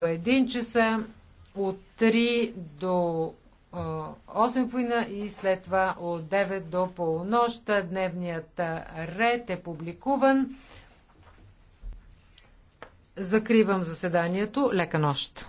1 часа, от 3 до 8 поина и след това от 9 до полунощ. Дневният ред е публикуван. Закривам заседанието. Лека нощ!